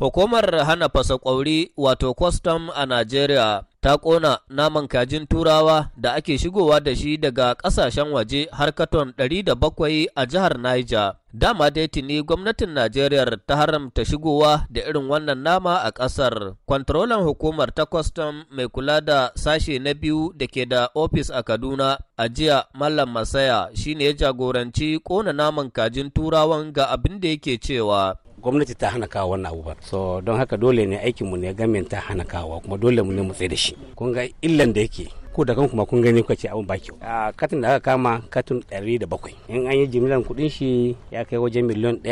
Hukumar hana fasa ƙwauri wato kwastam a Najeriya ta ƙona naman kajin turawa da ake shigowa da shi daga ƙasashen waje har katon 700 a jihar Niger. Dama dai tuni gwamnatin Najeriya ta haramta shigowa da irin wannan nama a ƙasar. Kwantrolan hukumar ta kwastam mai kula da sashe na biyu da ke da ofis a Kaduna a jiya Mallam Masaya shine ya jagoranci ƙona naman kajin turawan ga abin da yake cewa gwamnati ta hana kawo wannan abubuwan so don haka dole ne aikin mu ne gamin ta hana kawo kuma dole mu ne mu tsaye da shi kun ga illan da yake ko da kan kuma kun gani kuka ce abun ba kyau a katin da aka kama katin 107 in an yi jimilan kudin shi ya kai wajen miliyan 1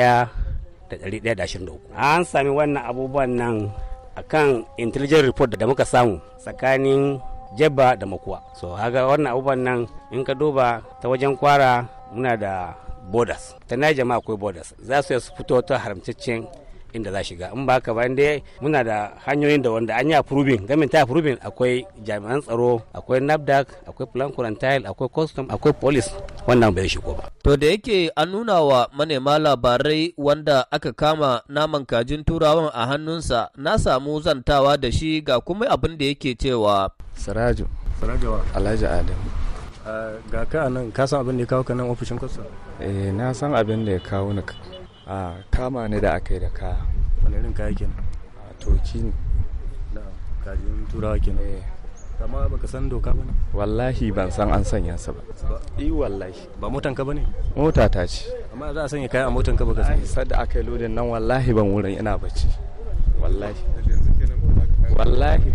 da 123 an sami wannan abubuwan nan akan intelligent report da muka samu tsakanin jabba da makuwa so haga wannan abubuwan nan in ka duba ta wajen kwara muna da borders ta naija ma akwai borders za su su fito ta haramtaccen inda za shiga in ba ka ba inda muna da hanyoyin da wanda an yi approving gamin ta approving akwai jami'an tsaro akwai nafdak akwai plan quarantine akwai custom akwai police wannan bai shigo ba to da yake an nuna wa manema labarai wanda aka kama naman kajin turawan a hannunsa na samu zantawa da shi ga kuma abin da yake cewa siraju alhaji adam ga ka nan ka san abin da ya kawo ka nan ofishin kwasa eh na san abin da ya kawo ni a kama ni da akai da kaya wani irin kaya nan. a toki ne da kajin turawa kenan eh amma baka san doka ba wallahi ban san an sanya sa ba i wallahi ba motan ka bane mota ta ce amma za a sanya kaya a motan ka baka sani sadda aka yi lodin nan wallahi ban wurin ina bacci wallahi wallahi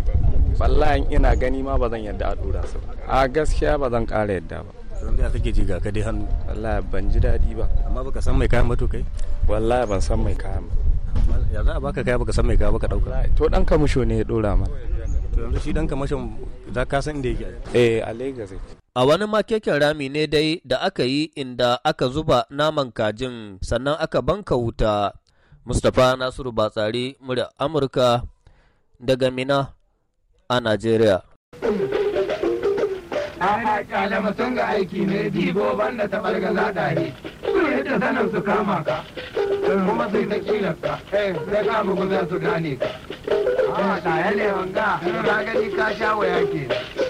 wallahi ina gani ma ba zan yadda a dora su a gaskiya ba zan ƙara yadda ba don da kake ji ga ka dai hannu wallahi ban ji daɗi ba amma baka san mai kayan mato kai wallahi ban san mai kayan ya za a baka kaya baka san mai kaya baka dauka to dan musho ne ya dora ma to yanzu shi dan kamashin za ka san inda yake eh a Lagos A wani makekin rami ne dai da aka yi inda aka zuba naman kajin sannan aka banka wuta. Mustapha Nasiru Batsari, murya Amurka daga Mina a Najeriya. Ana kyale mutum ga aiki ne dibo banda ta balgaza dare. Su yadda sanin su kama ka. Kuma sai ta kilarka ka. Eh, sai ka bugu za su gane ka. Ana ah, ne wanga. Ka gani ka sha waya ke.